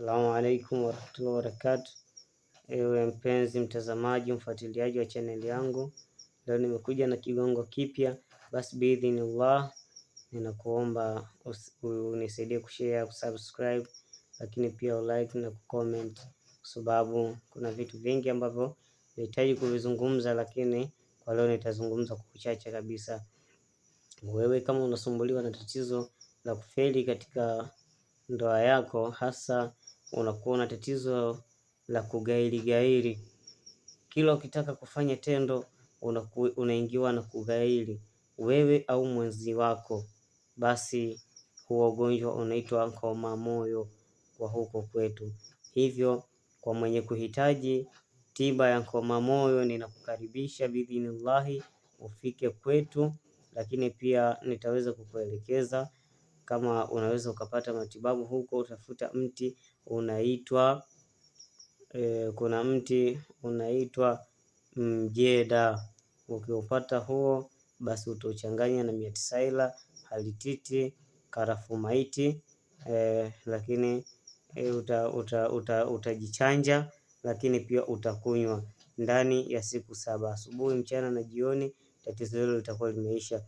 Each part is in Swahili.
Assalamu alaikum warahmatullahi wabarakatuh. Ewe mpenzi mtazamaji, mfuatiliaji wa chaneli yangu, leo nimekuja na kigongo kipya. Basi biidhinillah, ninakuomba unisaidie kushare, kusubscribe, lakini pia ulike na kucomment, kwa sababu kuna vitu vingi ambavyo nahitaji kuvizungumza, lakini kwa leo nitazungumza kwa uchache kabisa. Wewe kama unasumbuliwa na tatizo la kufeli katika ndoa yako, hasa unakuwa na tatizo la kugairi gairi. Kila ukitaka kufanya tendo unaku, unaingiwa na kugairi wewe au mwenzi wako, basi huo ugonjwa unaitwa nkoma moyo kwa huko kwetu. Hivyo kwa mwenye kuhitaji tiba ya nkoma moyo, ninakukaribisha biidhinillahi ufike kwetu, lakini pia nitaweza kukuelekeza kama unaweza ukapata matibabu huko, utafuta mti unaitwa e, kuna mti unaitwa mjeda. Ukiupata huo basi utauchanganya na miatisaila, halititi, karafumaiti e, lakini e, uta, uta, uta, utajichanja lakini pia utakunywa ndani ya siku saba, asubuhi, mchana na jioni. Tatizo hilo litakuwa limeisha.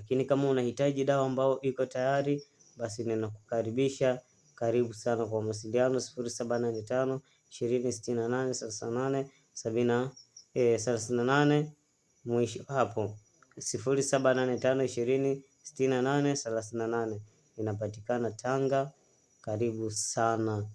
Lakini kama unahitaji dawa ambayo iko tayari, basi ninakukaribisha. Karibu sana kwa mawasiliano sifuri saba nane tano ishirini sitini na nane thelathini na nane sabini na eh, thelathini na nane mwisho hapo sifuri saba nane tano ishirini sitini na nane thelathini na nane inapatikana Tanga. Karibu sana.